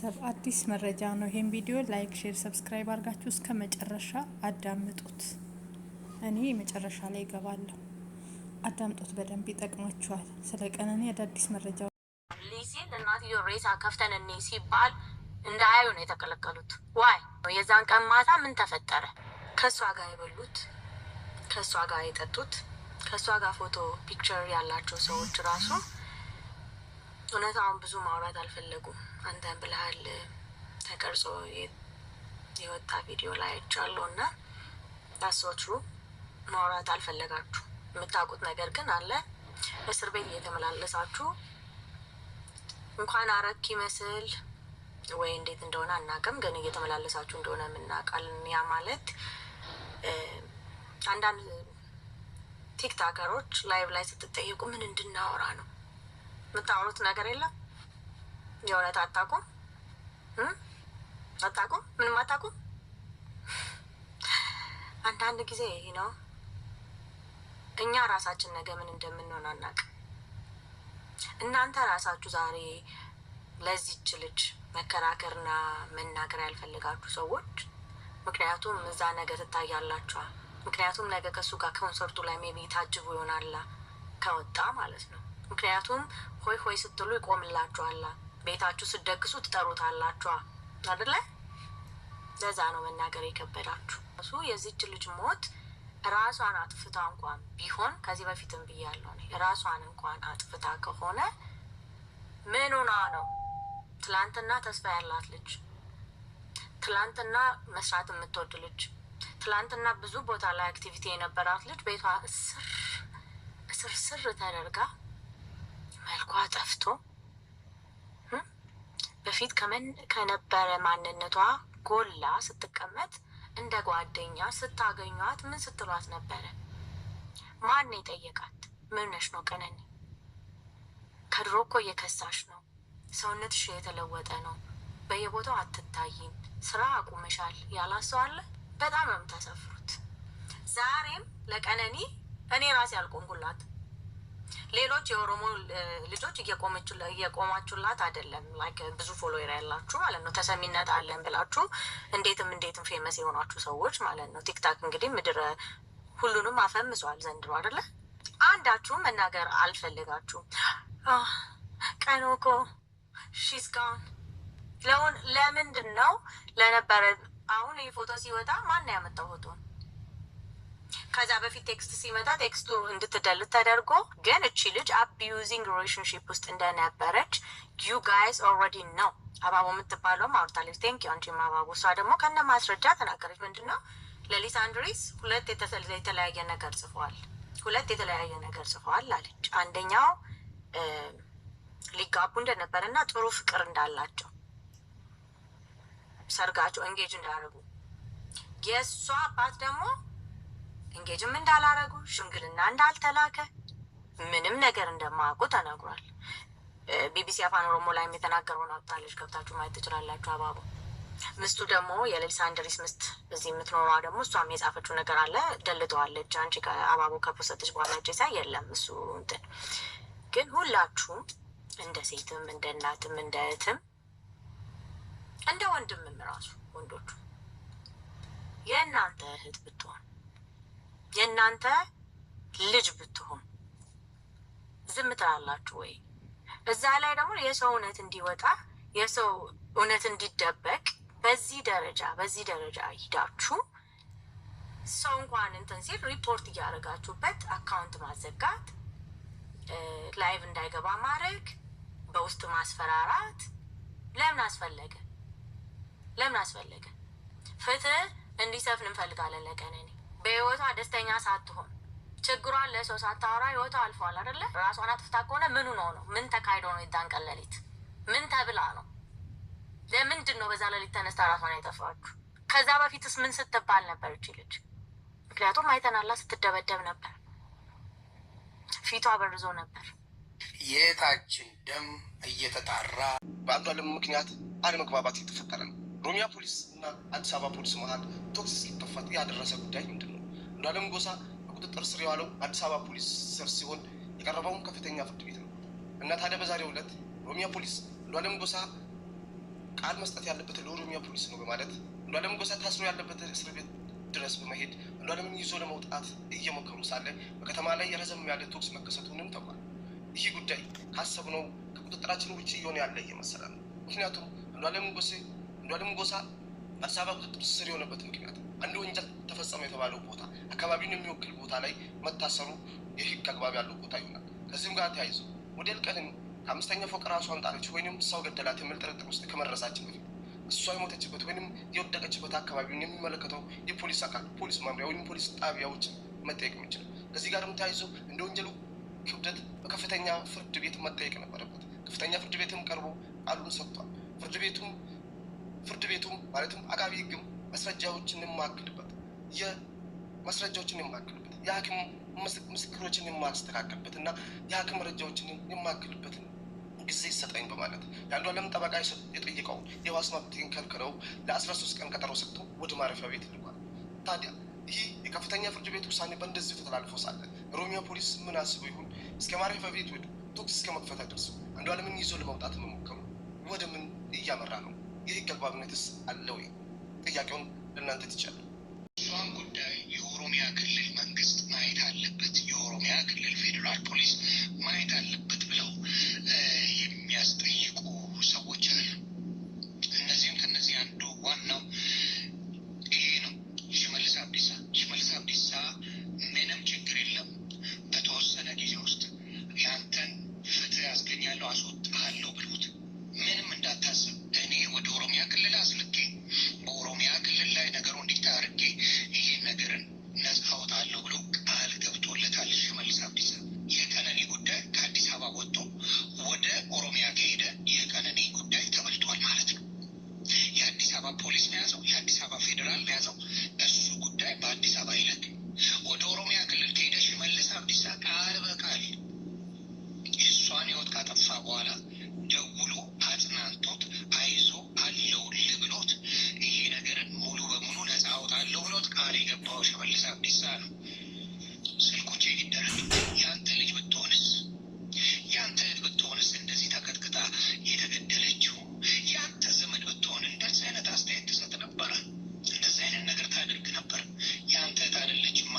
ቤተሰብ አዲስ መረጃ ነው። ይሄን ቪዲዮ ላይክ፣ ሼር፣ ሰብስክራይብ አድርጋችሁ እስከ መጨረሻ አዳምጡት። እኔ መጨረሻ ላይ ይገባለሁ። አዳምጡት፣ በደንብ ይጠቅማችኋል። ስለ ቀነኒ አዳዲስ መረጃ እናት እናትዮ ሬሳ ከፍተን እኔ ሲባል እንደ አዩ ነው የተቀለቀሉት። ዋይ የዛን ቀን ማታ ምን ተፈጠረ? ከእሷ ጋር የበሉት ከእሷ ጋር የጠጡት ከእሷ ጋር ፎቶ ፒክቸር ያላቸው ሰዎች ራሱ እውነት አሁን ብዙ ማውራት አልፈለጉም። አንተ ብልሃል ተቀርጾ የወጣ ቪዲዮ ላይ አይቻለሁ እና ዳሶቹ ማውራት አልፈለጋችሁ የምታውቁት ነገር ግን አለ። እስር ቤት እየተመላለሳችሁ እንኳን አረክ ይመስል ወይ እንዴት እንደሆነ አናውቅም፣ ግን እየተመላለሳችሁ እንደሆነ የምናውቃለን። ያ ማለት አንዳንድ ቲክታከሮች ላይቭ ላይ ስትጠየቁ ምን እንድናወራ ነው የምታወሩት ነገር የለም። የእውነት አታውቁም አታውቁም፣ ምንም አታውቁም። አንዳንድ ጊዜ ይህ ነው እኛ ራሳችን ነገ ምን እንደምንሆን አናውቅ። እናንተ ራሳችሁ ዛሬ ለዚች ልጅ መከራከርና መናገር ያልፈልጋችሁ ሰዎች ምክንያቱም እዛ ነገ ትታያላችኋል። ምክንያቱም ነገ ከእሱ ጋር ኮንሰርቱ ላይ ሜቢ ታጅቡ ይሆናላ ከወጣ ማለት ነው። ምክንያቱም ሆይ ሆይ ስትሉ ይቆምላችኋላ። ቤታችሁ ስደግሱ ትጠሩታላችኋ አደለ? ለዛ ነው መናገር የከበዳችሁ። እሱ የዚች ልጅ ሞት ራሷን አጥፍታ እንኳን ቢሆን ከዚህ በፊትም ብያለሁ ራሷን እንኳን አጥፍታ ከሆነ ምን ሆና ነው? ትላንትና ተስፋ ያላት ልጅ፣ ትላንትና መስራት የምትወድ ልጅ፣ ትላንትና ብዙ ቦታ ላይ አክቲቪቲ የነበራት ልጅ ቤቷ እስር እስር ስር ተደርጋ መልኳ ጠፍቶ በፊት ከምን ከነበረ ማንነቷ ጎላ ስትቀመጥ እንደ ጓደኛ ስታገኟት ምን ስትሏት ነበረ? ማን የጠየቃት? ምንነሽ ነው ቀነኒ? ከድሮ እኮ እየከሳሽ ነው። ሰውነትሽ የተለወጠ ነው። በየቦታው አትታይም። ስራ አቁመሻል ያላሰዋለ በጣም ነው የምታሰፍሩት። ዛሬም ለቀነኒ እኔ ራሴ አልቆምኩላት። ሌሎች የኦሮሞ ልጆች እየቆማችሁላት አይደለም። ላይክ ብዙ ፎሎዌር ያላችሁ ማለት ነው ተሰሚነት አለን ብላችሁ እንዴትም እንዴትም ፌመስ የሆናችሁ ሰዎች ማለት ነው። ቲክታክ እንግዲህ ምድረ ሁሉንም አፈምሷል ዘንድሮ አይደለ? አንዳችሁም መናገር አልፈልጋችሁም። ቀኑ እኮ ሺስ ጋን ለምንድን ነው ለነበረ አሁን ይህ ፎቶ ሲወጣ ማን ያመጣው ፎቶን ከዛ በፊት ቴክስት ሲመጣ ቴክስቱ እንድትደል ተደርጎ ግን እቺ ልጅ አቢዩዚንግ ሪሌሽንሽፕ ውስጥ እንደነበረች ዩ ጋይስ ኦልሬዲ ነው። አባቦ የምትባለውም አውርታለች። ቴንክ ዩ አንቺም አባቦ። እሷ ደግሞ ከነ ማስረጃ ተናገረች። ምንድን ነው ለሊስ አንድሪስ ሁለት የተለያየ ነገር ጽፈዋል፣ ሁለት የተለያየ ነገር ጽፈዋል አለች። አንደኛው ሊጋቡ እንደነበረ እና ጥሩ ፍቅር እንዳላቸው ሰርጋቸው እንጌጅ እንዳደረጉ የእሷ አባት ደግሞ እንጌጅም እንዳላረጉ ሽምግልና እንዳልተላከ ምንም ነገር እንደማያውቁ ተነግሯል። ቢቢሲ አፋን ኦሮሞ ላይም የተናገረውን አውጥታለች፣ ገብታችሁ ማየት ትችላላችሁ። አባቡ ምስቱ ደግሞ የሌሊሳ እንድሪስ ምስት እዚህ የምትኖረዋ ደግሞ እሷም የጻፈችው ነገር አለ። ደልጠዋለች። አንቺ አባቡ ከፖሰተች በኋላ ጭሳ የለም እሱ እንትን ግን ሁላችሁም እንደ ሴትም እንደ እናትም እንደ እህትም እንደ ወንድምም ራሱ ወንዶቹ የእናንተ እህት ብትሆን የእናንተ ልጅ ብትሆን ዝም ትላላችሁ ወይ? እዛ ላይ ደግሞ የሰው እውነት እንዲወጣ የሰው እውነት እንዲደበቅ በዚህ ደረጃ በዚህ ደረጃ ሂዳችሁ ሰው እንኳን እንትን ሲል ሪፖርት እያደረጋችሁበት አካውንት ማዘጋት፣ ላይቭ እንዳይገባ ማድረግ፣ በውስጥ ማስፈራራት ለምን አስፈለገ? ለምን አስፈለገ? ፍትህ እንዲሰፍን እንፈልጋለን ለቀነኔ በህይወቷ ደስተኛ ሳትሆን ችግሯን ለሰው ሳታወራ ህይወቷ አልፏል አይደለ? ራሷን አጥፍታ ከሆነ ምኑ ነው ነው? ምን ተካሂዶ ነው? የዛን ቀን ሌሊት ምን ተብላ ነው? ለምንድን ነው በዛ ሌሊት ተነስታ ራሷን ያጠፋችሁ? ከዛ በፊትስ ምን ስትባል ነበር እች ልጅ? ምክንያቱም አይተናላ ስትደበደብ ነበር፣ ፊቷ በርዞ ነበር። የታችን ደም እየተጣራ በአንዷ ምክንያት አለመግባባት እየተፈጠረ ነው ኦሮሚያ ፖሊስ እና አዲስ አበባ ፖሊስ መሀል ቶክስ ሲከፈት ያደረሰ ጉዳይ ምንድን ነው? አንዱዓለም ጎሳ በቁጥጥር ስር የዋለው አዲስ አበባ ፖሊስ ስር ሲሆን የቀረበውም ከፍተኛ ፍርድ ቤት ነው እና ታዲያ በዛሬው ዕለት ኦሮሚያ ፖሊስ አንዱዓለም ጎሳ ቃል መስጠት ያለበት ለኦሮሚያ ፖሊስ ነው በማለት አንዱዓለም ጎሳ ታስሮ ያለበት እስር ቤት ድረስ በመሄድ አንዱዓለምን ይዞ ለመውጣት እየሞከሩ ሳለ በከተማ ላይ የረዘም ያለ ቶክስ መከሰቱንም ተብሏል። ይህ ጉዳይ ካሰብነው ከቁጥጥራችን ውጭ እየሆነ ያለ እየመሰለ ነው። ምክንያቱም አንዱዓለም ጎሳ አንዷ ደግሞ ጎሳ አዲስ አበባ ቁጥጥር ስር የሆነበት ምክንያት አንድ ወንጀል ተፈጸመ የተባለው ቦታ አካባቢውን የሚወክል ቦታ ላይ መታሰሩ የህግ አግባብ ያለው ቦታ ይሆናል። ከዚህም ጋር ተያይዞ ወደ ልቀትን ከአምስተኛ ፎቅ ራሱ አንጣለች ወይም ሰው ገደላት የሚል ጥርጥር ውስጥ ከመድረሳችን በፊት እሷ የሞተችበት ወይም የወደቀችበት አካባቢውን የሚመለከተው የፖሊስ አካል ፖሊስ ማምሪያ ወይም ፖሊስ ጣቢያዎችን መጠየቅ የሚችል ከዚህ ጋርም ተያይዞ እንደ ወንጀሉ ክብደት በከፍተኛ ፍርድ ቤት መጠየቅ ነበረበት። ከፍተኛ ፍርድ ቤትም ቀርቦ አሉን ሰጥቷል። ፍርድ ቤቱም ፍርድ ቤቱም ማለትም አቃቢ ህግም ማስረጃዎችን የማክልበት የማስረጃዎችን የማክልበት የሀኪም ምስክሮችን የማስተካከልበት እና የሀኪም መረጃዎችን የማክልበት ጊዜ ይሰጠኝ በማለት የአንዱ አለም ጠበቃ የጠየቀው የዋስ መብቴን ከልክለው ለአስራ ሶስት ቀን ቀጠሮ ሰጥቶ ወደ ማረፊያ ቤት ልኳል። ታዲያ ይህ የከፍተኛ ፍርድ ቤት ውሳኔ በእንደዚሁ ተላልፎ ሳለ ሮሚያ ፖሊስ ምን አስቦ ይሁን እስከ ማረፊያ ቤት ወዱ ቶክስ እስከ መክፈት ደርሰው አንዱ አለምን ይዞ ለመውጣት መሞከሩ ወደ ምን እያመራ ነው? የህግ አግባብነትስ አለ ወይ? ጥያቄውን ለእናንተ ትቻለ። እሷን ጉዳይ የኦሮሚያ ክልል መንግስት ማየት አለበት። የኦሮሚያ ክልል ፌዴራል ፖሊስ ማየት አለበት። የገባው ሽመልስ አብዲሳ ነው። ስልኩ ይደረግ የአንተ ልጅ ብትሆንስ? የአንተ ልጅ ብትሆንስ እንደዚህ ተቀጥቅጣ የተገደለችው? የአንተ ዘመድ ብትሆን እንደዚህ አይነት አስተያየት ትሰጥ ነበረ? እንደዚህ አይነት ነገር ታደርግ ነበር? የአንተ ታደለችማ።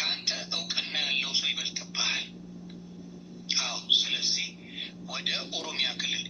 ከአንተ እውቅና ያለው ሰው ይበልጥብሃል። አዎ። ስለዚህ ወደ ኦሮሚያ ክልል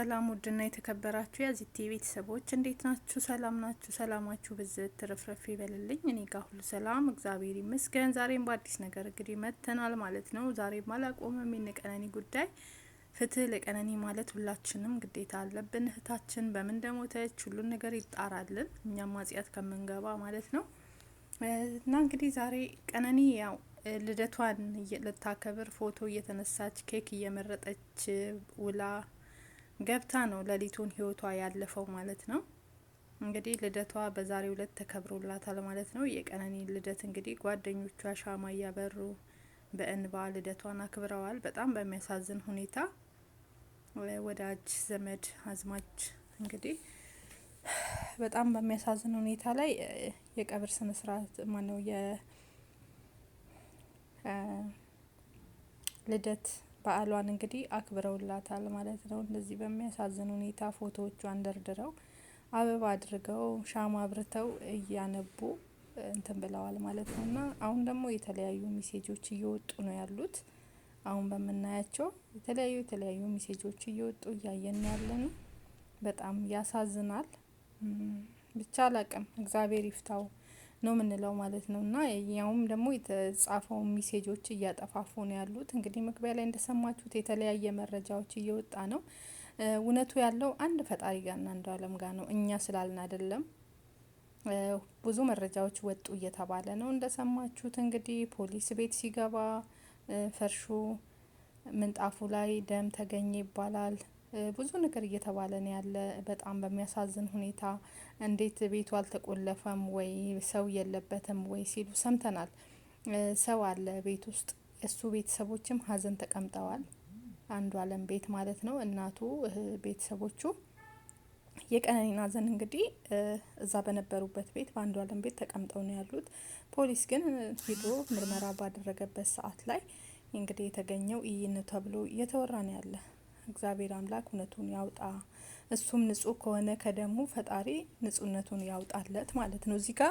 ሰላም ውድና የተከበራችሁ የዚህ ቲቪ ቤተሰቦች እንዴት ናችሁ? ሰላም ናችሁ? ሰላማችሁ ብዝት ትርፍረፍ ይበልልኝ። እኔ ጋር ሁሉ ሰላም እግዚአብሔር ይመስገን። ዛሬም በአዲስ ነገር እንግዲህ መጥተናል ማለት ነው። ዛሬም አላቆመም የነቀነኒ ጉዳይ። ፍትህ ለቀነኒ ማለት ሁላችንም ግዴታ አለብን። እህታችን በምን እንደሞተች ሁሉን ነገር ይጣራልን፣ እኛም ማጽያት ከምንገባ ማለት ነው። እና እንግዲህ ዛሬ ቀነኒ ያው ልደቷን ልታከብር ፎቶ እየተነሳች ኬክ እየመረጠች ውላ ገብታ ነው ሌሊቱን ህይወቷ ያለፈው ማለት ነው። እንግዲህ ልደቷ በዛሬው ሁለት ተከብሮላታል ማለት ነው። የቀነኒ ልደት እንግዲህ ጓደኞቿ ሻማ እያበሩ በእንባ ልደቷን አክብረዋል። በጣም በሚያሳዝን ሁኔታ ወዳጅ ዘመድ አዝማች እንግዲህ በጣም በሚያሳዝን ሁኔታ ላይ የቀብር ስነ ስርዓት ማነው የልደት በዓሏን እንግዲህ አክብረውላታል ማለት ነው። እንደዚህ በሚያሳዝን ሁኔታ ፎቶዎቿን ደርድረው አበባ አድርገው ሻማ አብርተው እያነቡ እንትን ብለዋል ማለት ነው። እና አሁን ደግሞ የተለያዩ ሚሴጆች እየወጡ ነው ያሉት። አሁን በምናያቸው የተለያዩ የተለያዩ ሚሴጆች እየወጡ እያየን ያለን በጣም ያሳዝናል። ብቻ አላቅም እግዚአብሔር ይፍታው። ነው የምንለው ማለት ነው። እና ያውም ደግሞ የተጻፈው ሚሴጆች እያጠፋፉ ነው ያሉት። እንግዲህ መግቢያ ላይ እንደሰማችሁት የተለያየ መረጃዎች እየወጣ ነው። እውነቱ ያለው አንድ ፈጣሪ ጋር እና አንዱ አለም ጋር ነው። እኛ ስላልን አይደለም። ብዙ መረጃዎች ወጡ እየተባለ ነው እንደሰማችሁት። እንግዲህ ፖሊስ ቤት ሲገባ ፈርሹ ምንጣፉ ላይ ደም ተገኘ ይባላል። ብዙ ነገር እየተባለ ነው ያለ። በጣም በሚያሳዝን ሁኔታ እንዴት ቤቱ አልተቆለፈም ወይ ሰው የለበትም ወይ ሲሉ ሰምተናል። ሰው አለ ቤት ውስጥ። እሱ ቤተሰቦችም ሀዘን ተቀምጠዋል። አንዱ አለም ቤት ማለት ነው። እናቱ ቤተሰቦቹ የቀነኒን ሀዘን እንግዲህ እዛ በነበሩበት ቤት በአንዱ አለም ቤት ተቀምጠው ነው ያሉት። ፖሊስ ግን ሂዶ ምርመራ ባደረገበት ሰዓት ላይ እንግዲህ የተገኘው ይህ ተብሎ እየተወራ ነው ያለ እግዚአብሔር አምላክ እውነቱን ያውጣ። እሱም ንጹህ ከሆነ ከደሙ ፈጣሪ ንጹህነቱን ያውጣለት ማለት ነው። እዚህ ጋ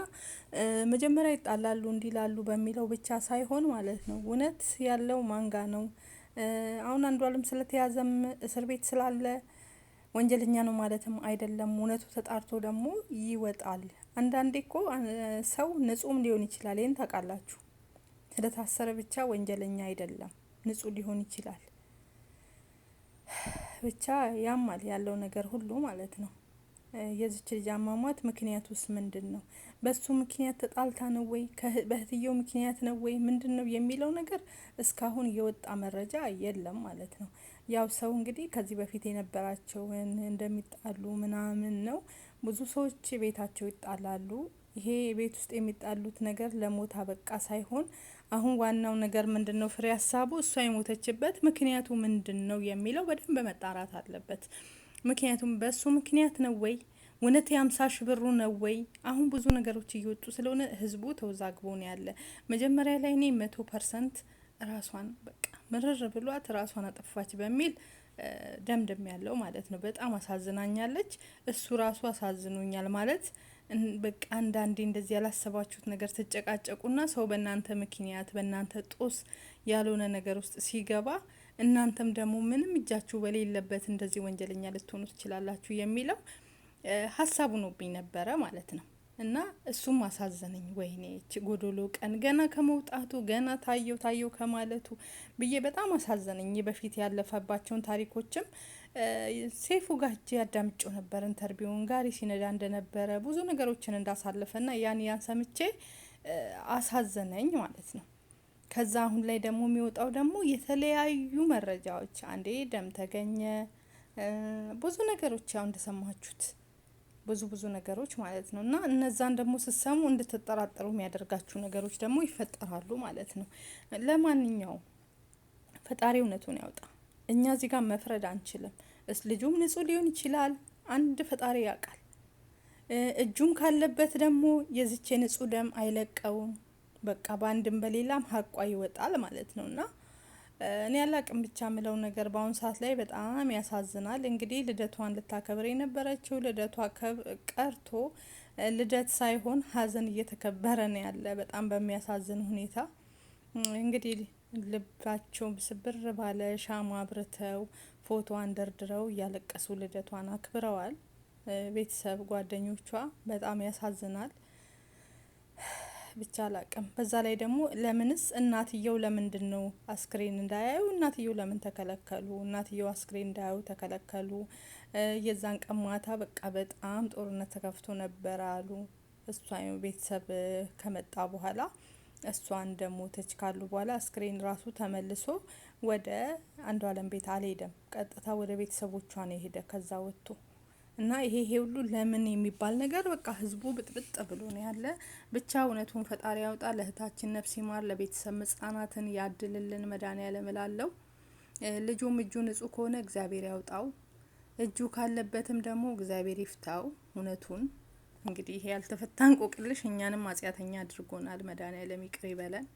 መጀመሪያ ይጣላሉ እንዲላሉ በሚለው ብቻ ሳይሆን ማለት ነው እውነት ያለው ማንጋ ነው። አሁን አንዱ አለም ስለተያዘም እስር ቤት ስላለ ወንጀለኛ ነው ማለትም አይደለም። እውነቱ ተጣርቶ ደግሞ ይወጣል። አንዳንዴ እኮ ሰው ንጹህም ሊሆን ይችላል። ይህን ታውቃላችሁ። ስለታሰረ ብቻ ወንጀለኛ አይደለም፣ ንጹህ ሊሆን ይችላል። ብቻ ያማል ያለው ነገር ሁሉ ማለት ነው። የዚች ልጅ አሟሟት ምክንያቱስ ምንድን ነው? በሱ ምክንያት ተጣልታ ነው ወይ በእህትየው ምክንያት ነው ወይ ምንድን ነው የሚለው ነገር እስካሁን የወጣ መረጃ የለም ማለት ነው። ያው ሰው እንግዲህ ከዚህ በፊት የነበራቸውን እንደሚጣሉ ምናምን ነው። ብዙ ሰዎች ቤታቸው ይጣላሉ። ይሄ ቤት ውስጥ የሚጣሉት ነገር ለሞት አበቃ ሳይሆን አሁን ዋናው ነገር ምንድን ነው? ፍሬ ሀሳቡ እሷ የሞተችበት ምክንያቱ ምንድን ነው የሚለው በደንብ መጣራት አለበት። ምክንያቱም በእሱ ምክንያት ነው ወይ እውነት የአምሳ ብሩ ነው ወይ? አሁን ብዙ ነገሮች እየወጡ ስለሆነ ህዝቡ ተወዛግቦ ነው ያለ። መጀመሪያ ላይ እኔ መቶ ፐርሰንት ራሷን በቃ ምርር ብሏት ራሷን አጠፋች በሚል ደምደም ያለው ማለት ነው። በጣም አሳዝናኛለች። እሱ ራሱ አሳዝኖኛል ማለት በቃ አንዳንዴ እንደዚህ ያላሰባችሁት ነገር ትጨቃጨቁና ሰው በእናንተ ምክንያት በእናንተ ጦስ ያልሆነ ነገር ውስጥ ሲገባ እናንተም ደግሞ ምንም እጃችሁ በሌለበት እንደዚህ ወንጀለኛ ልትሆኑ ትችላላችሁ የሚለው ሀሳቡ ኖብኝ ነበረ ማለት ነው። እና እሱም አሳዘነኝ። ወይኔ ጎዶሎ ቀን ገና ከመውጣቱ ገና ታየው ታየው ከማለቱ ብዬ በጣም አሳዘነኝ። በፊት ያለፈባቸውን ታሪኮችም ሴፉ ጋጅ ያዳምጮ ያዳምጬው ነበር ኢንተርቪውን ጋሪ ሲነዳ እንደነበረ ብዙ ነገሮችን እንዳሳለፈና ያን ያን ሰምቼ አሳዘነኝ ማለት ነው። ከዛ አሁን ላይ ደግሞ የሚወጣው ደግሞ የተለያዩ መረጃዎች አንዴ ደም ተገኘ ብዙ ነገሮች ያው እንደሰማችሁት ብዙ ብዙ ነገሮች ማለት ነው። እና እነዛን ደግሞ ስትሰሙ እንድትጠራጠሩ የሚያደርጋችሁ ነገሮች ደግሞ ይፈጠራሉ ማለት ነው። ለማንኛውም ፈጣሪ እውነቱን ያውጣ። እኛ እዚህ ጋር መፍረድ አንችልም። እስ ልጁም ንጹህ ሊሆን ይችላል። አንድ ፈጣሪ ያውቃል። እጁም ካለበት ደግሞ የዝቼ ንጹህ ደም አይለቀውም። በቃ በአንድም በሌላም ሀቋ ይወጣል ማለት ነው እና እኔ ያላቅም ብቻ ምለው ነገር በአሁኑ ሰዓት ላይ በጣም ያሳዝናል። እንግዲህ ልደቷን ልታከብር የነበረችው ልደቷ ቀርቶ ልደት ሳይሆን ሀዘን እየተከበረ ነው ያለ በጣም በሚያሳዝን ሁኔታ እንግዲህ ልባቸው ስብር ባለ ሻማ አብርተው ፎቶ አንደርድረው እያለቀሱ ልደቷን አክብረዋል። ቤተሰብ ጓደኞቿ በጣም ያሳዝናል። ብቻ አላቅም። በዛ ላይ ደግሞ ለምንስ እናትየው ለምንድን ነው አስክሬን እንዳያዩ እናትየው ለምን ተከለከሉ? እናትየው አስክሬን እንዳያዩ ተከለከሉ። የዛን ቀን ማታ በቃ በጣም ጦርነት ተከፍቶ ነበር አሉ። እሷ ቤተሰብ ከመጣ በኋላ እሷ እንደሞተች ካሉ በኋላ አስክሬን ራሱ ተመልሶ ወደ አንዱ አለም ቤት አልሄደም። ቀጥታ ወደ ቤተሰቦቿ ነው የሄደ ከዛ ወጥቶ እና ይሄ ይሄ ሁሉ ለምን የሚባል ነገር በቃ ህዝቡ ብጥብጥ ብሎ ነው ያለ። ብቻ እውነቱን ፈጣሪ ያውጣ። ለእህታችን ነፍስ ይማር፣ ለቤተሰብ መጽናናትን ያድልልን መድኃኔዓለም እላለሁ። ልጁም እጁ ንጹህ ከሆነ እግዚአብሔር ያውጣው፣ እጁ ካለበትም ደግሞ እግዚአብሔር ይፍታው እውነቱን እንግዲህ ይሄ ያልተፈታ እንቆቅልሽ እኛንም አጽያተኛ አድርጎናል። መድኃኔዓለም ይቅር ይበለን።